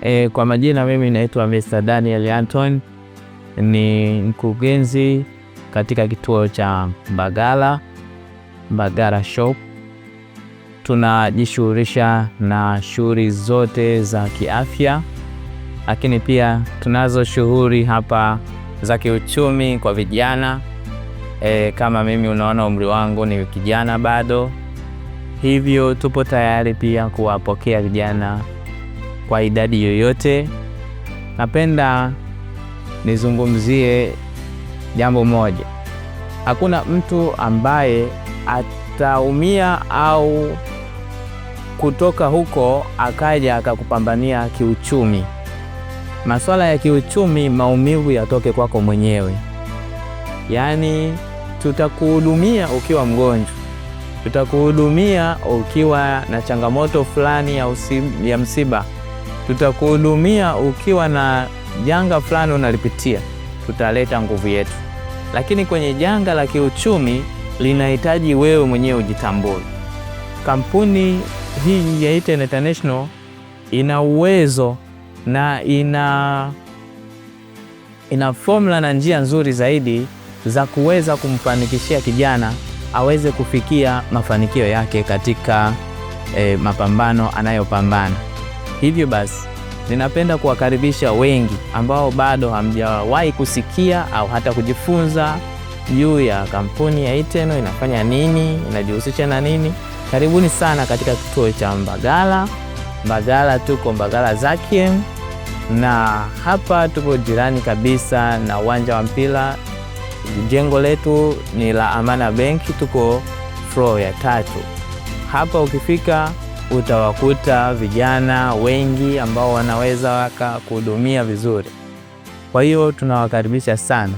E, kwa majina mimi naitwa Mr. Daniel Anton, ni mkurugenzi katika kituo cha Mbagala, Mbagala Shop. Tunajishughulisha na shughuli zote za kiafya, lakini pia tunazo shughuli hapa za kiuchumi kwa vijana. E, kama mimi unaona umri wangu ni kijana bado, hivyo tupo tayari pia kuwapokea vijana kwa idadi yoyote. Napenda nizungumzie jambo moja, hakuna mtu ambaye ataumia au kutoka huko akaja akakupambania kiuchumi. Masuala ya kiuchumi, maumivu yatoke kwako mwenyewe. Yaani, tutakuhudumia ukiwa mgonjwa, tutakuhudumia ukiwa na changamoto fulani ya, ya msiba tutakuhudumia ukiwa na janga fulani unalipitia, tutaleta nguvu yetu. Lakini kwenye janga la kiuchumi linahitaji wewe mwenyewe ujitambue. Kampuni hii ya Iten International ina uwezo na ina, ina formula na njia nzuri zaidi za kuweza kumfanikishia kijana aweze kufikia mafanikio yake katika eh, mapambano anayopambana. Hivyo basi ninapenda kuwakaribisha wengi ambao bado hamjawahi kusikia au hata kujifunza juu ya kampuni ya Eternal inafanya nini, inajihusisha na nini. Karibuni sana katika kituo cha Mbagala. Mbagala tuko Mbagala zake na hapa tuko jirani kabisa na uwanja wa mpira. Jengo letu ni la Amana Benki, tuko floor ya tatu. Hapa ukifika utawakuta vijana wengi ambao wanaweza wakakuhudumia vizuri. Kwa hiyo tunawakaribisha sana.